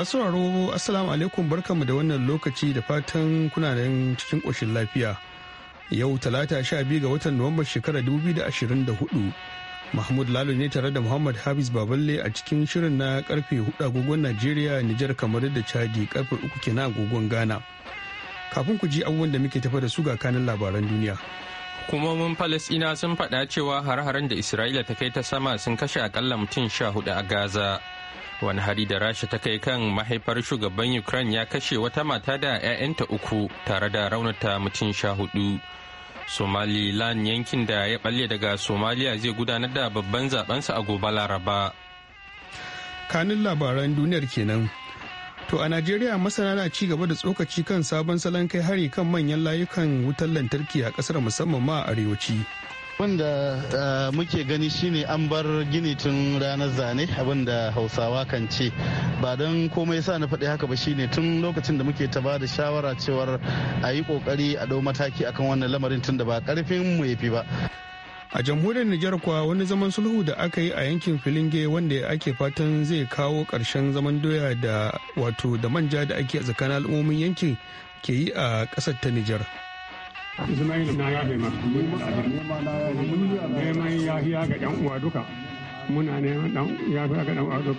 Masu raro Assalamu alaikum barkanmu da wannan lokaci da fatan kuna nan cikin ƙoshin lafiya. Yau talata sha biyu ga watan Nuwambar da hudu Mahmud lalu ne tare da Muhammad habiz Baballe a cikin shirin na karfe hudu agogon Najeriya, Nijar kamar da Chadi karfe uku kenan agogon Ghana. Kafin ku ji abubuwan da muke tafa da su ga kanin labaran duniya. Hukumomin Falasɗina sun faɗa cewa har-haren da Isra'ila ta kai ta sama sun kashe akalla mutum sha hudu a Gaza. wani hari da rasha ta kai kan mahaifar shugaban ukraine ya kashe wata mata da 'ya'yanta uku tare da raunata mutum sha hudu somaliland yankin da ya balle daga somaliya zai gudanar da babban zabensa a gobe laraba kanin labaran duniyar kenan to a najeriya masana na ci gaba da tsokaci kan sabon salon kai hari kan manyan layukan wutar lantarki a kasar musamman ma a arewaci da eh, muke gani shine an bar gini tun ranar zane da hausawa kan ce ba don komai sa na faɗi haka ba shine tun lokacin da muke ta da shawara cewar a yi ƙoƙari a ɗau mataki akan wannan lamarin tun da ba ƙarfin mu yafi ba a jamhuriyar nijar kuwa wani zaman sulhu da aka yi a yankin filinge wanda ake fatan zai kawo ƙarshen zaman doya da wato da manja da ake tsakanin al'ummomin yankin ke yi a kasar ta nijar Ismailu na yafe neman ga ɗan uwa duka. Muna neman ga ɗan uwa duka.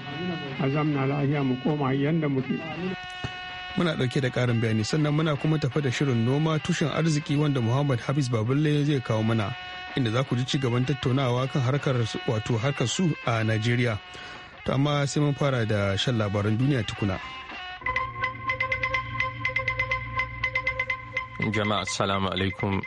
Azam na lafiya mu koma yadda muke. Muna ɗauke da ƙarin bayani sannan muna kuma tafa da shirin noma tushen arziki wanda Muhammad Hafiz Baballe zai kawo mana inda za ku ji ci gaban tattaunawa kan harkar wato harkar su a Najeriya. ta amma sai mun fara da shan labaran duniya tukuna. Jama'a salamu alaikum.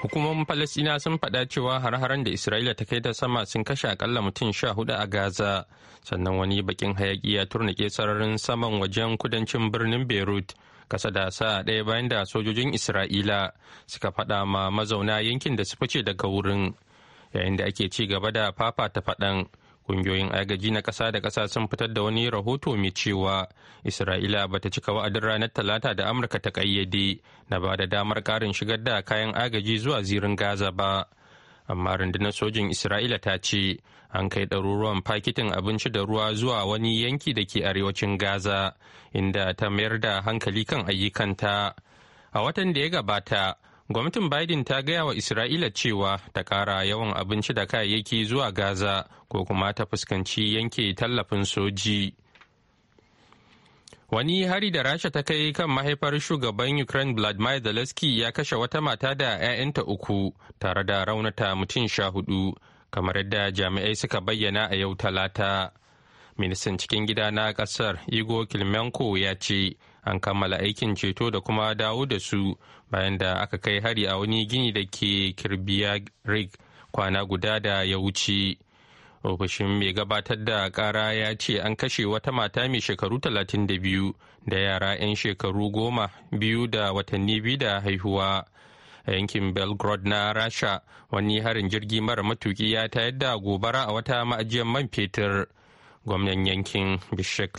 Hukumomin Falasina sun faɗa cewa har-haren da Isra'ila ta kai ta sama sun kashe akalla mutum sha hudu a Gaza, sannan wani bakin hayaki ya turnike sararin saman wajen kudancin birnin Beirut, kasa da sa ɗaya bayan da sojojin Isra'ila suka faɗa ma mazauna yankin da su fice daga wurin. Yayin da ake ci gaba da fafata faɗan, Ƙungiyoyin agaji na ƙasa da ƙasa sun fitar da wani rahoto mai cewa Isra'ila ba ta cika wa'adin ranar Talata da Amurka ta ƙayyade na ba da damar ƙarin shigar da kayan agaji zuwa zirin Gaza ba. Amma rundunar sojin Isra'ila ta ce an kai ɗaruruwan fakitin abinci da ruwa zuwa wani yanki da ke arewacin Gaza inda ta mayar da hankali kan ayyukanta. A watan da ya gabata, Gwamnatin Biden ta gaya wa Isra'ila cewa ta ƙara yawan abinci da kayayyaki zuwa Gaza ko kuma ta fuskanci yanke tallafin soji. Wani hari da Rasha ta kai kan mahaifar shugaban Ukraine Vladimir Zelensky ya kashe wata mata da 'ya'yanta uku tare da raunata mutum sha hudu, kamar yadda jami'ai suka bayyana a yau talata. Ministan cikin gida na ƙasar Igor Kilmenko ya ce an kammala aikin ceto da kuma dawo da su bayan da aka kai hari a wani gini da ke kirbiya rig kwana guda da ya wuce ofishin mai gabatar da kara ya ce an kashe wata mata mai shekaru 32 da yara 'yan shekaru goma biyu da watanni biyu da haihuwa a yankin belgrade na rasha wani harin jirgi mara matuki ya tayar da gobara a wata ma'ajiyar man fetur gwamnan yankin bishek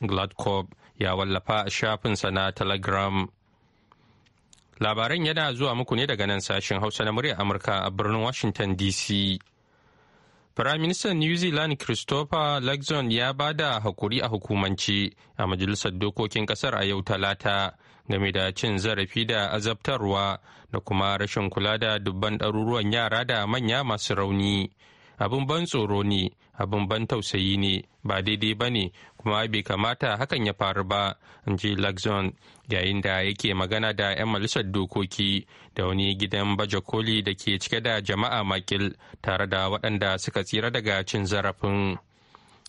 gladkov ya wallafa a shafinsa na telegram labaran yana zuwa muku ne daga nan sashen hausa na murya amurka a birnin washington dc Firaministan New Zealand Christopher Luxon ya ba da hakuri a hukumance a Majalisar Dokokin Ƙasar a yau Talata game da cin zarafi da azabtarwa da kuma rashin kula da dubban ɗaruruwan yara da manya masu rauni. abin ban tsoro ne abin ban tausayi ne ba daidai ba ne kuma bai kamata hakan ya faru ba in ji lagzon yayin da yake magana da 'yan majalisar dokoki da wani gidan baje koli da ke cike da jama'a makil tare da waɗanda suka tsira daga cin zarafin.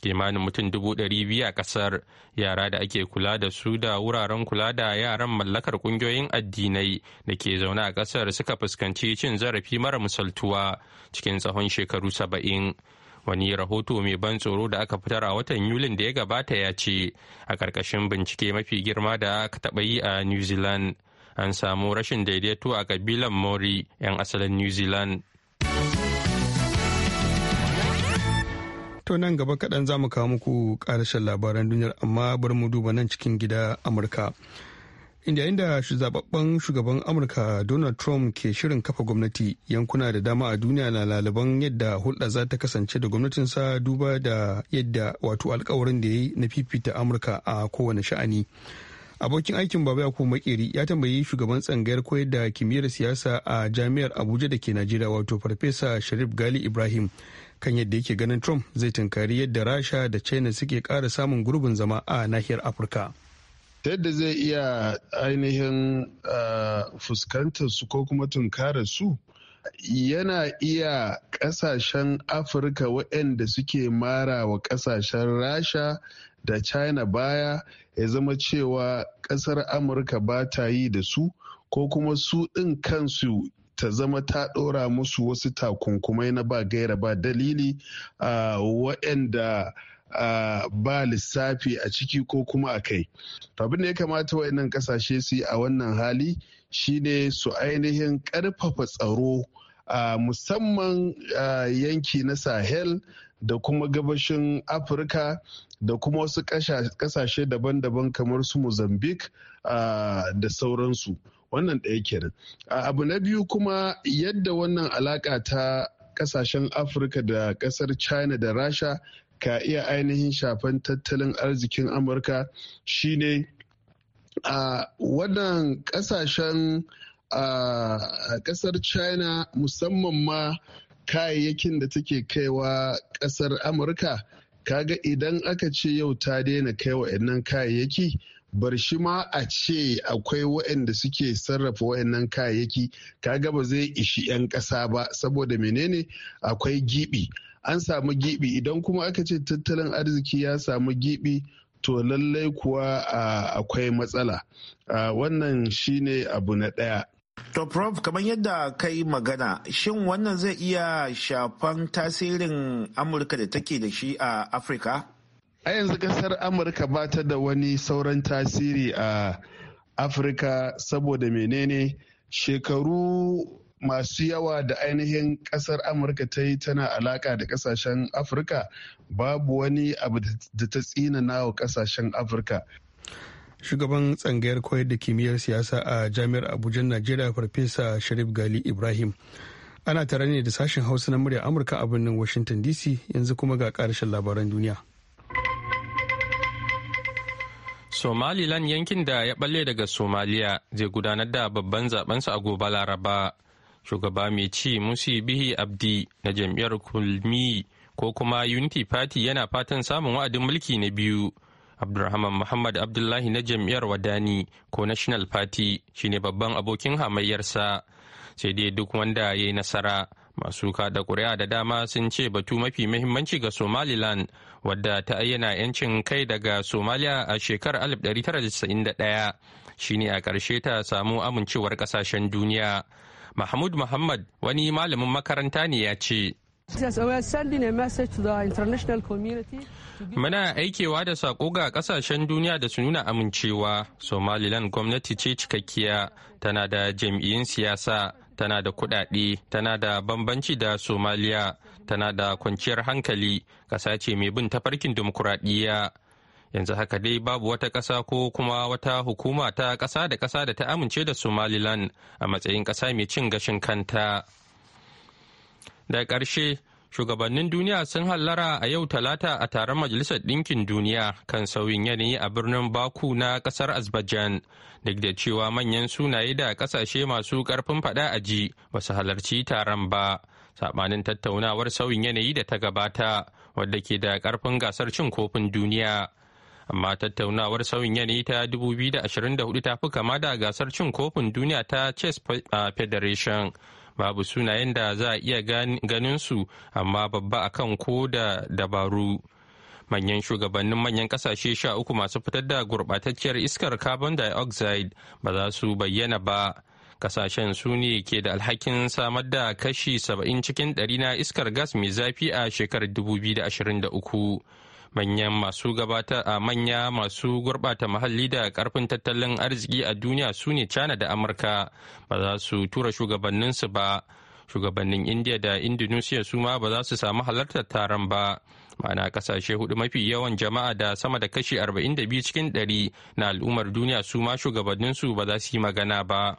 kimanin mutum dubu ɗari biyu a ƙasar yara da ake kula da su da wuraren kula da yaran mallakar ƙungiyoyin addinai da ke zaune a ƙasar suka fuskanci cin zarafi mara misaltuwa cikin tsawon shekaru saba'in wani rahoto mai ban tsoro da aka fitar a watan yulin da ya gabata ya ce a ƙarƙashin bincike mafi girma da aka taɓa yi a new zealand an samu rashin daidaito a ƙabilan mori 'yan asalin new zealand to nan gaba kaɗan za mu kawo muku ƙarashen labaran duniyar amma bari mu duba nan cikin gida amurka inda inda zababben shugaban amurka donald trump ke shirin kafa gwamnati yankuna da dama a duniya na laliban yadda hulɗa za ta kasance da gwamnatinsa duba da yadda wato alkawarin da ya yi na fifita amurka a kowane sha'ani. abokin aikin baba ya kuma makeri ya tambayi shugaban tsangayar koyar da kimiyyar siyasa a jami'ar abuja da ke najeriya wato farfesa sharif gali ibrahim kan yadda yake ganin trump zai tunkari yadda rasha da china suke kara samun gurbin zama a nahiyar afirka ta yadda zai iya ainihin eh, fuskantar su ko kuma tunkarar su yana iya kasashen afirka waɗanda suke mara wa kasashen rasha da china baya ya zama cewa ƙasar amurka ba ta yi da su ko kuma su ɗin kansu ta zama ta ɗora musu wasu takunkumai na ba gaira ba dalili a waɗanda ba lissafi a ciki ko kuma a kai. abin da ya kamata waɗannan ƙasashe su yi a wannan hali shine su ainihin ƙarfafa tsaro a musamman yanki na sahel da kuma gabashin afirka da kuma wasu kasashe daban-daban kamar su mozambique da sauransu wannan ɗaya kenan abu na biyu kuma yadda wannan alaƙa ta kasashen afirka da ƙasar china da rasha ka iya ainihin shafan tattalin arzikin amurka shine a wannan kasashen kasar china musamman ma kayayyakin da take kaiwa kasar amurka kaga idan aka ce yau ta daina kai wa'annan kayayyaki bar shi ma a ce akwai waɗanda suke sarrafa waɗannan kayayyaki kaga ba zai ishi 'yan ƙasa ba saboda menene akwai gibi an samu gibi idan kuma aka ce tattalin arziki ya samu gibi to lallai kuwa akwai matsala wannan shine abu na ɗaya To Prof, kamar yadda ka yi magana, shin wannan zai iya shafan tasirin Amurka da take da shi a Afirka? A yanzu kasar Amurka ba ta da wani sauran tasiri a Afirka saboda menene shekaru masu yawa da ainihin kasar amurka ta yi tana alaka da kasashen afirka babu wani abu da ta tsina wa kasashen afirka shugaban tsangayar koyar da kimiyyar siyasa a jami'ar abuja najeriya farfesa sharif gali ibrahim ana tare ne da sashen hausa na murya amurka a birnin washington dc yanzu kuma ga karshen labaran duniya somaliland yankin da ya balle daga somaliya zai gudanar da babban zabensu a gobe laraba shugaba mai ci musi bihi abdi na jam'iyyar kulmi ko kuma unity party yana fatan samun wa'adin mulki na biyu abdulrahman muhammad abdullahi na jam'iyyar wadani ko national party shine babban abokin hamayyarsa sai dai duk wanda ya yi nasara masu kada kuri'a da dama sun ce batu mafi mahimmanci ga somaliland wadda ta ayyana 'yancin kai daga somaliya a shekarar 1991 shine a ƙarshe ta samu amincewar ƙasashen duniya Mahmud Muhammad wani malamin makaranta ne ya ce. Muna aikewa da saƙo ga ƙasashen duniya da su nuna amincewa. Somaliland gwamnati ce cikakkiya, tana da jam'iyyun siyasa, tana da kuɗaɗe, tana da bambanci da Somaliya, tana da kwanciyar hankali, ƙasa ce mai bin tafarkin dimokuraɗiyya. yanzu haka dai babu wata ƙasa ko kuma wata hukuma ta ƙasa da ƙasa da ta amince da somaliland a matsayin ƙasa mai cin gashin kanta da ƙarshe shugabannin duniya sun hallara a yau talata a taron majalisar ɗinkin duniya kan sauyin yanayi a birnin baku na ƙasar azerbaijan duk da cewa manyan sunaye da ƙasashe masu ƙarfin faɗa a ji ba su halarci taron ba saɓanin tattaunawar sauyin yanayi da ta gabata wadda ke da ƙarfin gasar cin kofin duniya amma tattaunawar sauyin yanayi ta 2024 ta fi kama da gasar cin kofin duniya ta chess federation babu sunayen da za a iya ganin su amma babba a kan ko da dabaru manyan shugabannin manyan kasashe sha uku masu fitar da gurbatacciyar iskar carbon dioxide ba za su bayyana ba kasashen su ne ke da alhakin samar da kashi 70 cikin 100 na iskar gas mai zafi a shekarar 2023 manyan masu gabata a manya masu gurbata muhalli da karfin tattalin arziki a duniya su ne china da amurka ba za su tura shugabanninsu ba shugabannin india da indonesia su ma ba za su samu halartar taron ba ma'ana kasashe hudu mafi yawan jama'a da sama da kashi 42 cikin 100 na al'ummar duniya su ma shugabanninsu ba za su yi magana ba.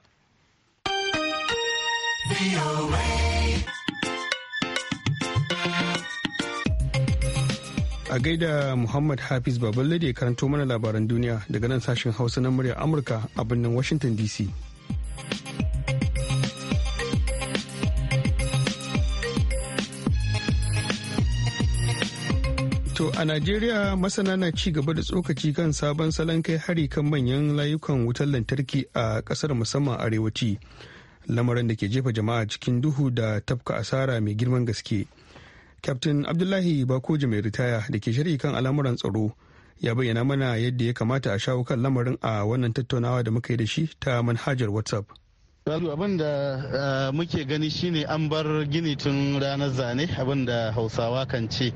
a gaida Muhammad Hafiz Baballe da ya karanto mana labaran duniya daga nan sashen Hausa na muryar Amurka a birnin Washington DC. To a Najeriya masana na ci gaba da tsokaci kan sabon salon kai hari kan manyan layukan wutar lantarki a kasar musamman arewaci. Lamarin da ke jefa jama'a cikin duhu da tafka asara mai girman gaske. Captain Abdullahi Bakoji mai ritaya da ke shari'i kan al'amuran tsaro ya bayyana mana yadda ya kamata a shawo kan lamarin a wannan tattaunawa da muka yi da shi ta manhajar WhatsApp. abin da eh, muke gani shine an bar gini tun ranar zane abin da hausawa kan ce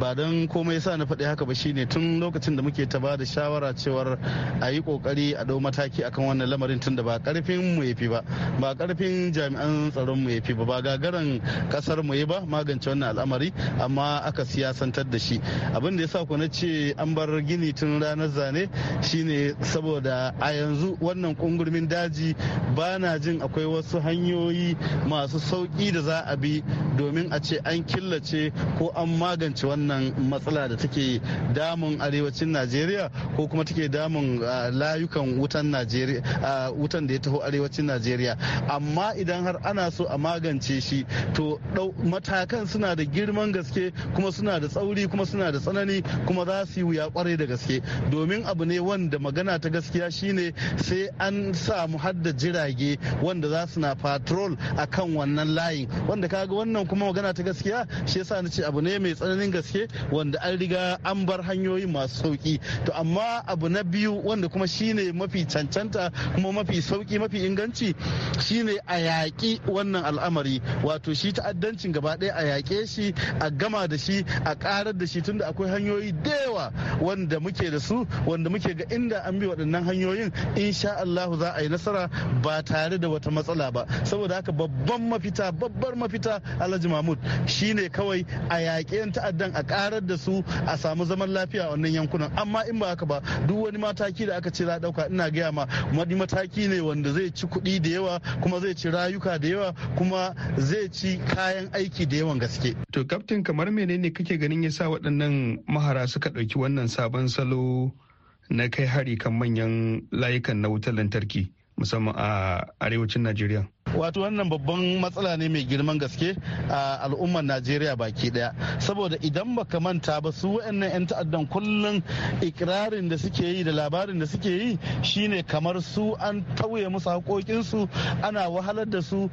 ba don komai sa na faɗi haka ba shine tun lokacin da muke ta ba da shawara cewar a yi kokari a dau mataki akan wannan lamarin tun da ba karfin mu yafi ba ba karfin jami'an tsaron mu yafi ba ba gagaran kasar mu ba magance wannan al'amari amma aka siyasantar da shi abin da yasa ku na ce an bar gini tun ranar zane shine saboda a yanzu wannan kungurmin daji ba na jin ganin akwai wasu hanyoyi masu sauki da za a bi domin a ce an killace ko an magance wannan matsala da take damun arewacin najeriya ko kuma take damun ah, layukan wutan ah, wutan da ya taho arewacin najeriya amma idan har ana so a magance shi to matakan suna da girman gaske kuma suna da tsauri kuma suna da tsanani kuma za su yi wuya kwarai da gaske domin abu ne wanda magana ta gaskiya shine sai an samu hadda jirage wanda za su na patrol a kan wannan layin wanda kaga wannan kuma magana ta gaskiya shi yasa na ce abu ne mai tsananin gaske wanda an riga an bar hanyoyi masu sauki to amma abu na biyu wanda kuma shine mafi cancanta kuma mafi sauki mafi inganci shine a yaƙi wannan al'amari wato shi ta'addancin gaba ɗaya a yaƙe shi a gama da shi a ƙarar da shi tunda akwai hanyoyi da yawa wanda muke da su wanda muke ga inda an bi waɗannan hanyoyin insha Allah za a yi nasara ba tare da da wata matsala ba saboda haka babban mafita babbar mafita alhaji mahmud shine kawai a yaƙi ta'addan a karar da su a samu zaman lafiya a wannan yankunan amma in ba haka ba duk wani mataki da aka ce za a ɗauka ina gaya ma wani mataki ne wanda zai ci kuɗi da yawa kuma zai ci rayuka da yawa kuma zai ci kayan aiki da yawan gaske. To kaftin kamar menene kake ganin ya sa waɗannan mahara suka ɗauki wannan sabon salo na kai hari kan manyan layukan na wutar lantarki? musamman a arewacin najeriya wato wannan babban matsala ne mai girman gaske a al'ummar najeriya baki daya saboda idan baka manta ba su wayannan 'yan ta'addan kullum ikirarin da suke yi da labarin da suke yi shine kamar su an tauye musu haƙoƙinsu ana wahalar da su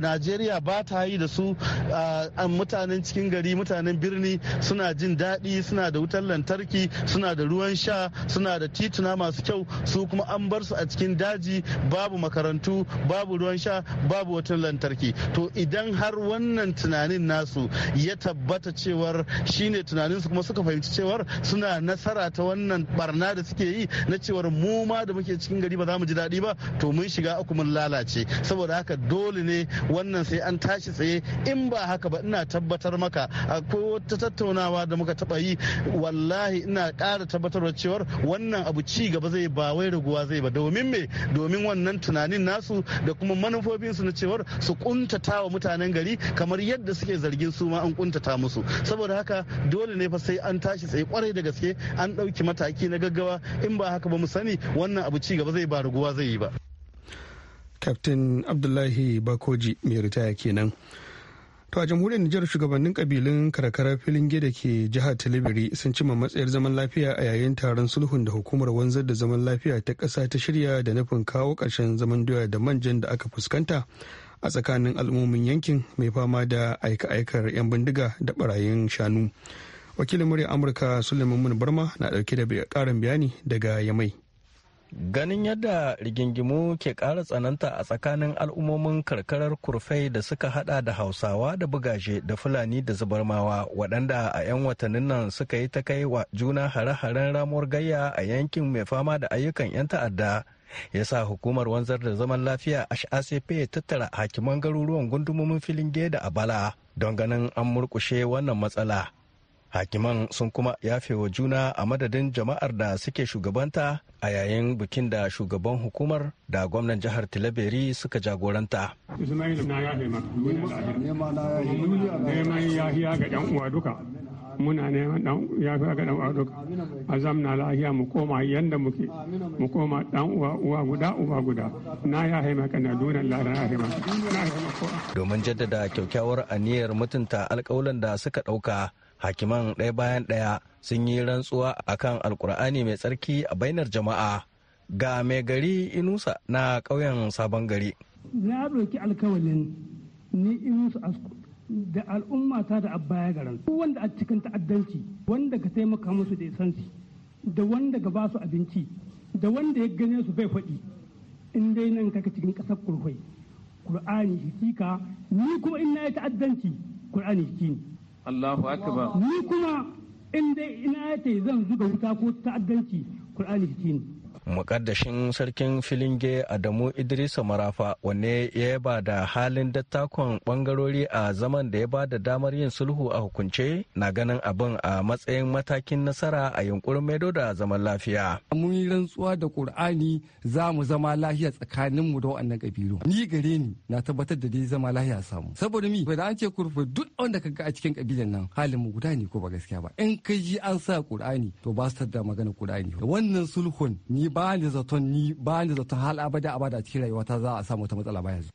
najeriya ba ta yi da su mutanen cikin gari mutanen birni suna jin daɗi suna da wutar lantarki suna da ruwan sha suna da tituna masu kyau su kuma an bar su a cikin daji babu makarantu babu ruwan sha babu wata lantarki to idan har wannan tunanin nasu ya tabbata cewar shine tunanin su kuma suka fahimci cewar suna nasara ta wannan barna da suke yi na cewar mu ma da muke cikin gari ba za mu ji daɗi ba to mun shiga uku mun lalace saboda haka dole ne wannan sai an tashi tsaye in ba haka ba ina tabbatar maka akwai wata tattaunawa da muka taba yi wallahi ina ƙara tabbatarwa cewar wannan abu ci gaba zai ba wai raguwa zai ba domin me domin wannan tunanin nasu da kuma manufar su na cewar su kuntata wa mutanen gari kamar yadda suke zargin su ma an kuntata musu saboda haka dole ne fa sai an tashi tsaye kwarai da gaske an ɗauki mataki na gaggawa in ba haka ba mu sani wannan abu ci gaba zai ba raguwa zai yi ba. Captain Abdullahi Bakoji mai ritaya kenan. To a jamhuriyar Nijar shugabannin kabilun karkarar filin gida ke jihar Tilibiri sun cima matsayar zaman lafiya a yayin taron sulhun da hukumar wanzar da zaman lafiya ta ƙasa ta shirya da nufin kawo ƙarshen zaman doya da manjan da aka fuskanta a tsakanin al'ummomin yankin mai fama da aika-aikar 'yan bindiga da barayin shanu. Wakilin murya Amurka Suleiman Barma na ɗauke da karin bayani daga Yamai. Ganin yadda rigingimu ke ƙara tsananta a tsakanin al'ummomin karkarar kurfai da suka hada da Hausawa da bugaje da Fulani da zubarmawa waɗanda a 'yan watannin nan suka yi ta kai wa juna hare-haren ramuwar gayya a yankin mai fama da ayyukan 'yan ta'adda ya sa hukumar wanzar da zaman lafiya ya tattara hakiman garuruwan gundumomin filin geda a bala don ganin an murkushe wannan matsala. hakiman sun kuma yafewa wa juna a madadin jama'ar da suke shugabanta a yayin bikin da shugaban hukumar da gwamnan jihar tilaberi suka jagoranta neman yahiya ga yan uwa duka muna neman dan yafiya ga dan uwa duka a zamna lahiya mu koma yanda muke mu koma dan uwa uwa guda uwa guda na ya maka kana dunan lara na haima domin jaddada kyakkyawar aniyar mutunta alƙawalan da suka ɗauka hakiman ɗaya bayan ɗaya sun yi rantsuwa akan alkur'ani mai tsarki a bainar jama'a ga mai gari inusa na ƙauyen sabon gari na ɗauki alkawalin ni inusa da al'umma ta da abbaya garan wanda a cikin ta'addanci wanda ka taimaka musu da isansi da wanda ka basu abinci da wanda ya gane su bai faɗi in dai nan kaka cikin ƙasar kurkwai kur'ani hikika ni kuma in na yi ta'addanci ƙur'ani hiki Allahu akbar ni kuma in dai ina yace zan zuga wuta ko ta'addanci Qur'ani shi mukaddashin sarkin filinge adamu idrisa marafa wanne ya ba da halin dattakon bangarori a zaman da ya ba da damar yin sulhu a hukunce na ganin abin a matsayin matakin nasara a yunkurin maido da zaman lafiya mun yi rantsuwa da qur'ani za mu zama lafiya tsakanin mu da wannan kabilu ni gare ni na tabbatar da dai zama lafiya samu saboda mi da an ce kurfa duk wanda kaga a cikin kabilan nan halin mu guda ne ko ba gaskiya ba in kai ji an sa qur'ani to ba su da magana qur'ani wannan sulhun ni ba ni zaton ni ba ni zaton hal abada abada cikin rayuwata za a samu wata matsala ba yanzu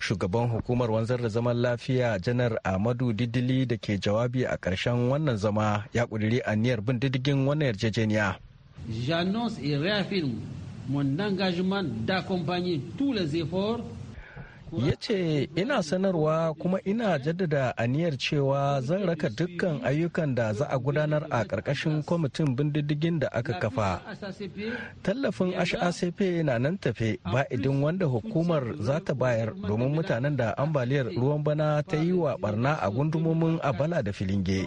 shugaban hukumar wanzar da zaman lafiya janar ahmadu didili da ke jawabi a ƙarshen wannan zama ya ƙudiri aniyar bin diddigin wannan yarjejeniya j'annonce et réaffirme mon engagement d'accompagner tous les efforts ya ce ina sanarwa kuma ina jaddada aniyar cewa zan raka dukkan ayyukan da za a gudanar a ƙarƙashin kwamitin bindiddigin da aka kafa tallafin hacp na nan tafe ba idin wanda hukumar za ta bayar domin mutanen da ambaliyar ruwan bana ta yi wa barna a gundumomin abala da filinge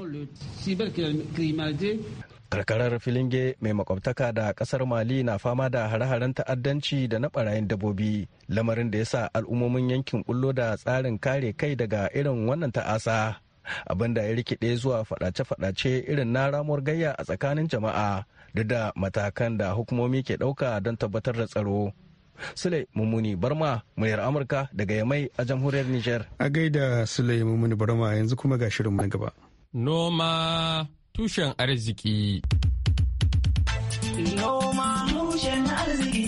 karkarar filinge mai makwabtaka da kasar mali na fama da hare-haren ta'addanci da na barayin dabobi lamarin da ya sa al'ummomin yankin bullo da tsarin kare kai daga irin wannan ta'asa abin da ya rikide zuwa fadace-fadace irin na ramuwar gayya a tsakanin jama'a duk da matakan da hukumomi ke ɗauka don tabbatar da tsaro Sule Mummuni Barma muryar Amurka daga Yamai a jamhuriyar niger. A gaida Sule Mummuni Barma yanzu kuma ga shirin gaba. Noma tushen arziki. Noma tushen arziki,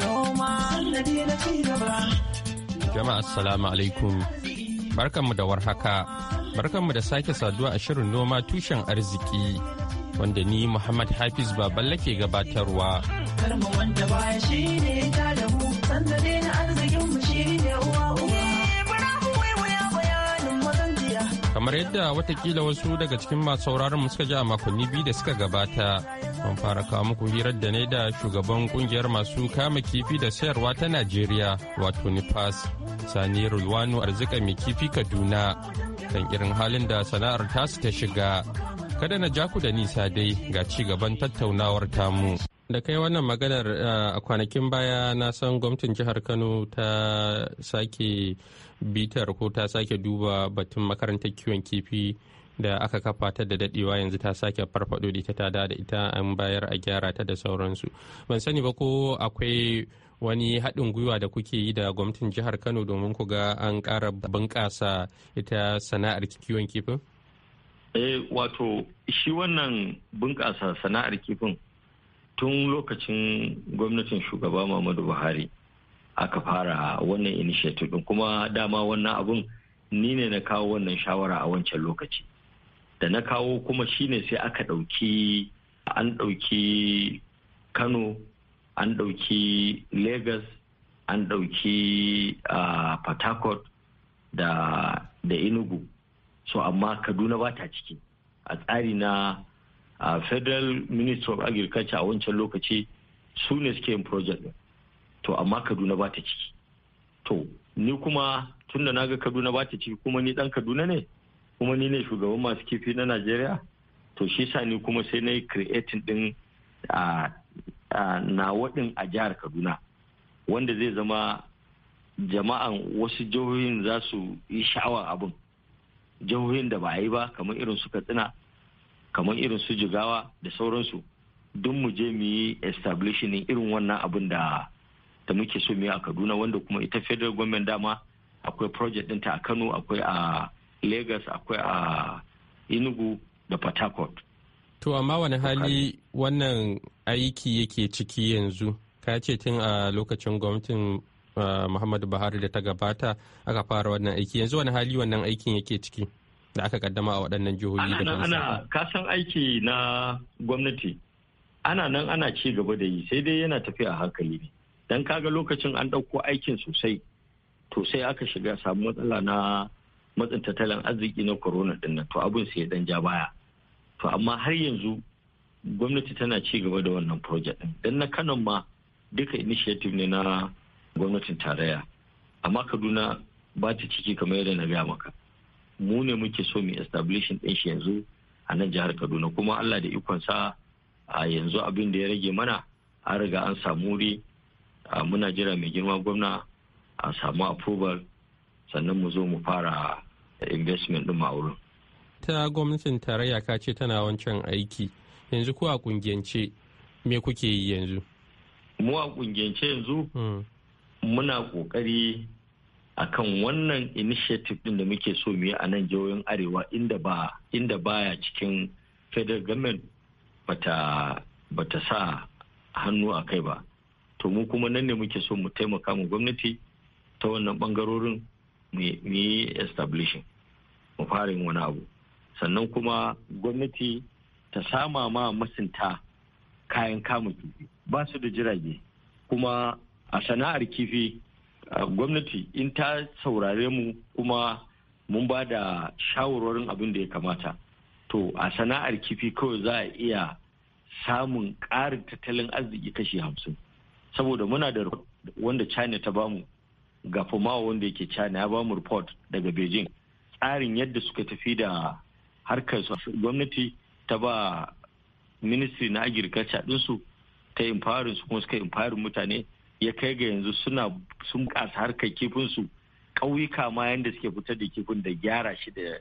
noma na ci gaba. Jama'a assalamu alaikum. Barkanmu da warhaka. Barkanmu da sake saduwa a shirin noma tushen arziki. Wanda ni Muhammad Hafiz Baballe ke gabatarwa. Karmu wanda baya shi ne ta da mu, sanda na arzikinmu mu kamar yadda watakila wasu daga cikin masu sauraron mu suka ji a makonni biyu da suka gabata mun fara kawo muku hirar da ne da shugaban kungiyar masu kama kifi da sayarwa ta najeriya wato nipas sani rulwano arzika mai kifi kaduna kan irin halin da sana'ar tasu ta shiga kada na ja da nisa dai ga ci gaban tattaunawar tamu da kai wannan maganar a kwanakin baya na san gwamnatin jihar kano ta sake bitar ko ta sake duba batun makarantar kiwon kifi da aka kafa ta da dadewa yanzu ta sake farfado da ita ta da ita an bayar a gyara ta da sauransu ban sani ba ko akwai wani haɗin gwiwa da kuke yi da gwamnatin jihar kano domin ku ga an ƙara bunƙasa ita sana'ar kiwon kifin eh wato shi wannan bunƙasa sana'ar kifin tun lokacin gwamnatin shugaba muhammadu buhari aka fara wannan initiative din kuma dama wannan abun ni ne na kawo wannan shawara a wancan lokaci da na kawo kuma shine sai aka ɗauki an ɗauki kano an ɗauki lagos an ɗauki uh, port harcourt da, da enugu so amma kaduna ba ta ciki a tsari na a federal minister of agriculture a wancan lokaci su ne suke yin project din to amma kaduna ba ta ciki to ni kuma tun da naga kaduna ba ta ciki kuma ni dan kaduna ne kuma ni ne shugaban masu kifi na najeriya to shi sa ni kuma sai na yi creating din a na waɗin a jihar kaduna wanda zai zama jama'an wasu jihohin za su yi sha'awar abin jihohin da ba a yi ba kamar irin su katsina kamar irin su jigawa da sauransu duk mu je mu yi establishing irin wannan abin da da muke so mu a Kaduna wanda kuma ita federal government dama akwai project ɗinta a Kano akwai a Lagos akwai a Enugu da Port Harcourt. To amma wani hali wannan aiki yake ciki yanzu ka ce tun a lokacin gwamnatin eh, Muhammadu Buhari da ta gabata aka fara wannan aiki yanzu wani hali wannan aikin yake ciki. da aka kaddama a waɗannan jihohi da ana ana kasan aiki na gwamnati ana nan ana ci gaba da yi sai dai yana tafiya a hankali ne dan kaga lokacin an ɗauko aikin sosai to sai aka shiga samu matsala na matsin tattalin arziki na corona din nan to abin sai dan ja baya to amma har yanzu gwamnati tana ci gaba da wannan project din dan na kano ma duka initiative ne na gwamnatin tarayya amma kaduna ba ta ciki kamar yadda na gaya maka mu ne muke so mu establishing din shi yanzu a nan jihar kaduna kuma allah da ikonsa a yanzu abin da ya rage mana an riga an samu wuri muna jira mai girma gwamna a samu approval sannan mu zo mu fara investment din wurin. ta gwamnatin tarayya ka ce tana wancan aiki yanzu ko a kungiyance me kuke yi yanzu mu a kungiyance yanzu hmm. muna kokari akan wannan initiative din da muke so mu yi a nan jihohin arewa inda ba inda baya cikin federal government bata bata sa hannu a kai ba to mu kuma nan ne muke so mu taimaka mu gwamnati ta wannan bangarorin mu yi establishing mu fara yin wani abu sannan kuma gwamnati ta sama ma masinta kayan kama kifi ba su da jirage kuma a sana'ar kifi gwamnati in ta saurare mu kuma mun ba da shawarwarin abin da ya kamata to a sana'ar kifi kawai za a iya samun ƙarin tattalin arziki kashi hamsin saboda muna da wanda china ta bamu fama wanda yake china ya bamu report daga beijing tsarin yadda suka tafi da harkar gwamnati ta ba ministry na agriculture ɗinsu ta imfarin su kuma suka imfarin mutane ya kai ga yanzu suna sun kasa harkar kifinsu su ƙauyuka ma yadda suke fitar da kifin da gyara shi da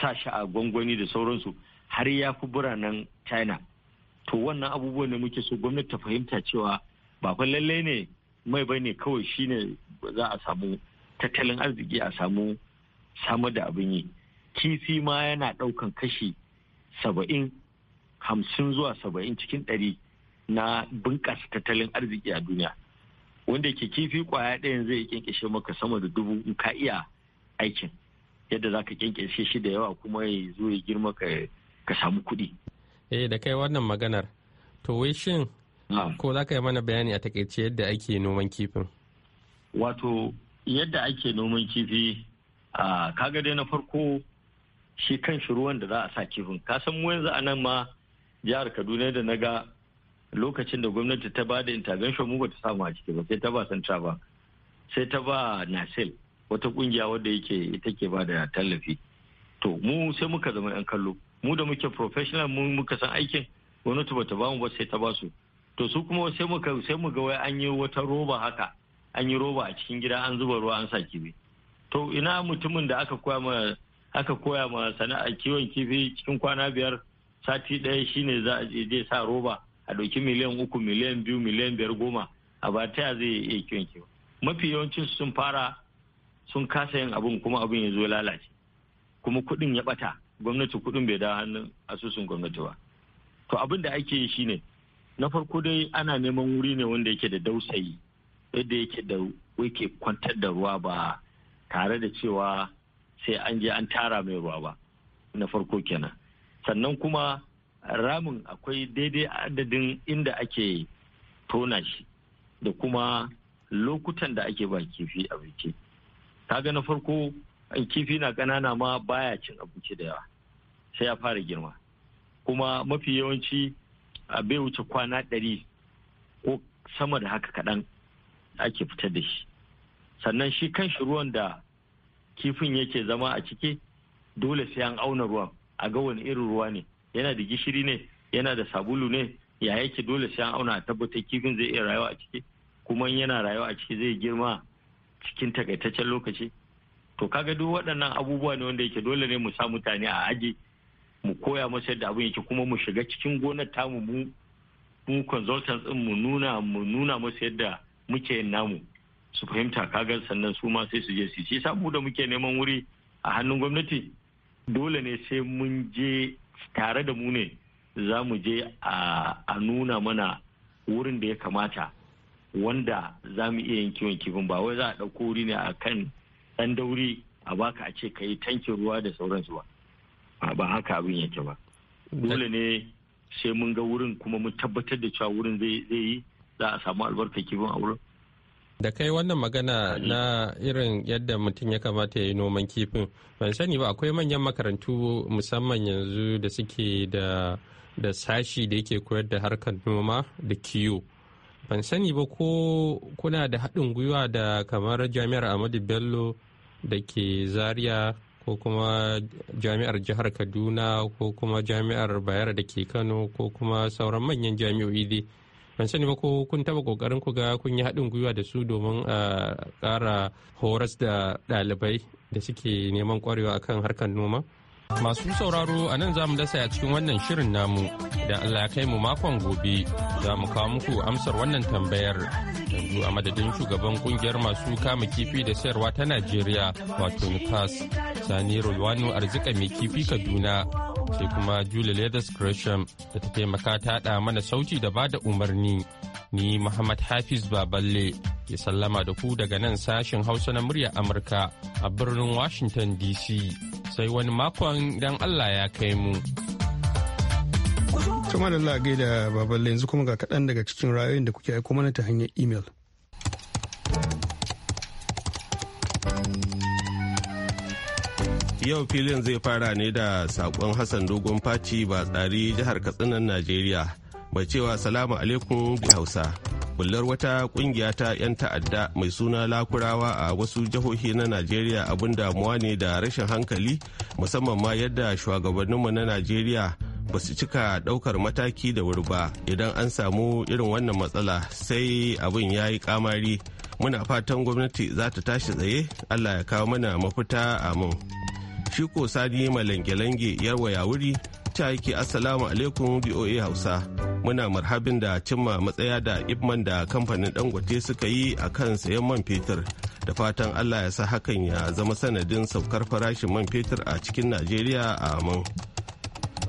sa shi a gwangwani da sauransu har ya fi biranen china to wannan abubuwan da muke so gwamnati ta fahimta cewa ba fa lalle ne mai ba ne kawai shine za a samu tattalin arziki a samu samar da abin yi kifi ma yana ɗaukan kashi saba'in hamsin zuwa saba'in cikin ɗari na bunƙasa tattalin arziki a duniya wanda ke kifi kwaya ɗayan zai kyankyashe maka sama da dubu in ka iya aikin yadda za ka kyankyashe shi da yawa kuma ya zo ya girma ka samu kuɗi. eh da kai wannan maganar to wai shin ko za ka yi mana bayani a takaice yadda ake noman kifin wato yadda ake noman kifi a kaga dai na farko shi kan shi ruwan da za a sa kifin kasan san mu yanzu a nan ma jihar kaduna da na ga lokacin da gwamnati ta ba da intervention mu ta samu a ciki ba sai ta ba central ba sai ta ba nasel wata kungiya wadda yake ita ke ba da tallafi to mu sai muka zama yan kallo mu da muke professional mu muka san aikin gwamnati bata ba mu ba sai ta ba su to su kuma sai muka sai mu ga wai an yi wata roba haka an yi roba a cikin gida an zuba ruwa an sa kifi to ina mutumin da aka koya ma aka koya ma sana'ar kiwon kifi cikin kwana biyar sati ɗaya shine za a je sa roba a ɗauki miliyan uku miliyan biyu miliyan biyar goma a ba ta zai iya kiwon kiwo mafi yawancin sun fara sun kasa yin abun kuma abun ya zo lalace kuma kuɗin ya ɓata gwamnati kuɗin bai dawo hannun asusun gwamnati ba to abin da ake yi shine na farko dai ana neman wuri ne wanda yake da dausayi yadda yake da yake kwantar da ruwa ba tare da cewa sai an je an tara mai ruwa ba na farko kenan sannan kuma ramin akwai daidai adadin inda ake tona shi da kuma lokutan da ake ba kifi abinci ta na farko kifi na ƙanana ma baya cin abinci da yawa sai ya fara girma kuma mafi yawanci a bai wuce kwana ɗari ko sama da haka kaɗan ake fitar da shi sannan shi kan shi ruwan da kifin yake zama a ciki dole sai an auna ruwan a ga wani irin ruwa ne yana da gishiri ne yana da sabulu ne ya yake dole sai an auna a tabbatar kifin zai iya rayuwa a ciki kuma yana rayuwa a ciki zai girma cikin takaitaccen lokaci to kaga duk waɗannan abubuwa ne wanda yake dole ne mu sa mutane a aji mu koya musu yadda abin yake kuma mu shiga cikin gonar tamu mu mu consultants din mu nuna mu nuna musu yadda muke yin namu su fahimta kaga sannan su ma sai su je su shi sa da muke neman wuri a hannun gwamnati dole ne sai mun je tare da mu ne za mu je a nuna mana wurin da ya kamata wanda za mu iya yin kiwon kifin ba wai za a ɗauko wuri ne a kan ɗan dauri a baka a ce ka yi tankin ruwa da sauransu ba ba haka abin yake ba dole ne sai mun ga wurin kuma mun tabbatar da cewa wurin zai yi za a samu albarkar kifin a wurin da kai wannan magana na irin yadda mutum ya kamata ya yi noman kifin ban sani ba akwai manyan makarantu musamman yanzu da suke da sashi da yake koyar da harkar noma da kiyo ban sani ba ko kuna da haɗin gwiwa da kamar jami'ar ahmadu bello da ke zaria ko kuma jami'ar jihar kaduna ko kuma jami'ar bayar da ke kano ko kuma sauran manyan jami'o'i dai ban sani ba ko kun taba kokarin ku ga kun yi haɗin gwiwa da su domin a ƙara horas da ɗalibai da suke neman ƙwarewa akan harkar noma masu sauraro a nan za mu dasa a cikin wannan shirin namu da allah ya kai mu makon gobe za mu kawo muku amsar wannan tambayar yanzu a madadin shugaban kungiyar masu kama kifi da sayarwa ta najeriya wato nukas sani rulwanu arzika mai kifi kaduna sai kuma Julia Leathers Gresham da ta taimaka ta haɗa mana sauti da bada umarni. Ni Muhammad Hafiz Baballe ya sallama da ku daga nan sashen Hausa na murya Amurka a birnin Washington DC. Sai wani makon dan Allah ya kai mu. kuma da Allah gaida Baballe yanzu kuma ga kaɗan daga cikin ra'ayoyin da kuke aiko mana ta hanyar imel. yau filin zai fara ne da sakon hassan dogon faci ba tsari jihar katsinan najeriya mai cewa salamu alaikum da hausa bullar wata kungiya ta 'yan ta'adda mai suna lakurawa a wasu jihohi na najeriya abin damuwa ne da rashin hankali musamman ma yadda shugabanninmu na najeriya ba su cika daukar mataki da wuri ba idan an samu irin wannan matsala sai abin ya yi kamari muna fatan gwamnati za ta tashi tsaye allah ya kawo mana mafita amin. Shiko sadi sani malange-lange yarwa ya wuri ta yake assalamu alaikum voa hausa muna marhabin da cimma matsaya da ibman da kamfanin dangote suka yi a kan sayan man fetur da fatan allah ya sa hakan ya zama sanadin saukar farashin man fetur a cikin najeriya a amin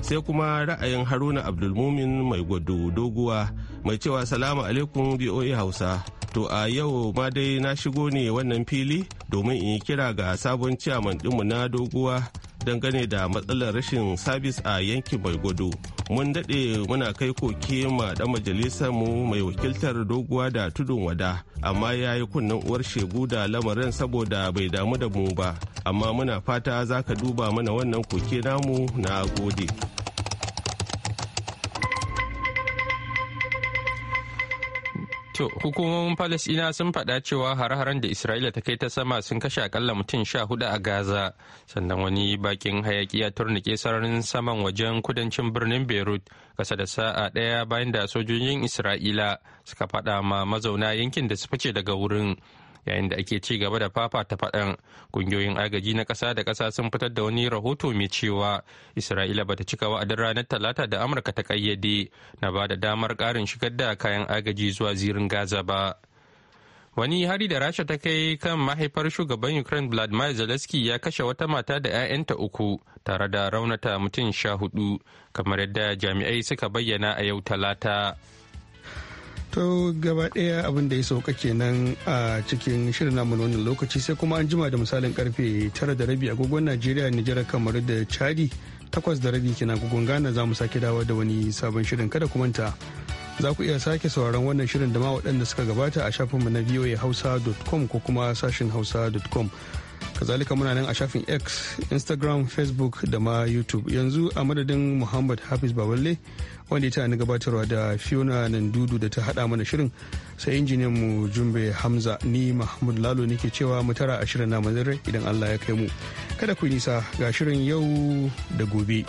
sai kuma ra'ayin haruna abdulmumin mai gwado doguwa mai cewa salamu alaikum BOA hausa To a yau ma dai na shigo ne wannan fili domin in yi kira ga sabon ciyaman ɗinmu na doguwa dangane da matsalar rashin sabis a yankin mai gudu Mun daɗe muna kai koke ma ɗan majalisar mu mai wakiltar doguwa da tudun wada, amma ya yi kunnen uwar shegu da lamarin saboda bai damu da mu ba, amma muna fata za ka duba mana wannan koke namu na gode. To, hukumomin Falasɗina sun faɗa cewa har-haren da Isra'ila ta kai ta sama sun kashe akalla mutum sha hudu a Gaza, sannan wani bakin hayaki ya turnike sararin saman wajen kudancin birnin Beirut, kasa da sa'a ɗaya bayan da sojojin Isra'ila suka faɗa ma mazauna yankin da su fice daga wurin. yayin da ake ci gaba da fafa ta faɗan kungiyoyin agaji na ƙasa da ƙasa sun fitar da wani rahoto mai cewa isra'ila bata cika wa'adin ranar talata da amurka ta ƙayyade na ba da damar ƙarin shigar da kayan agaji zuwa zirin gaza ba wani hari da rasha ta kai kan mahaifar shugaban ukraine vladimir zelensky ya kashe wata mata da 'ya'yanta uku tare da raunata mutum sha hudu kamar yadda jami'ai suka bayyana a yau talata to gaba ɗaya abin da ya sauka kenan a cikin shirin namu na lokaci sai kuma an jima da misalin karfe tara da rabi agogon najeriya nijar kamar da chadi takwas da rabi kenan agogon ghana za mu sake dawo da wani sabon shirin kada ku manta za ku iya sake sauraron wannan shirin da ma waɗanda suka gabata a shafinmu na hausa.com ko kuma sashin hausa.com kazalika muna nan a shafin x instagram facebook da ma youtube yanzu a madadin muhammad hafiz baballe wanda ya na gabatarwa da fiona dudu da ta hada mana shirin sai injiniyan mu jumbe hamza ni mahmud lalo nake cewa mu tara a shirin na idan allah ya kai mu kada ku nisa ga shirin yau da gobe.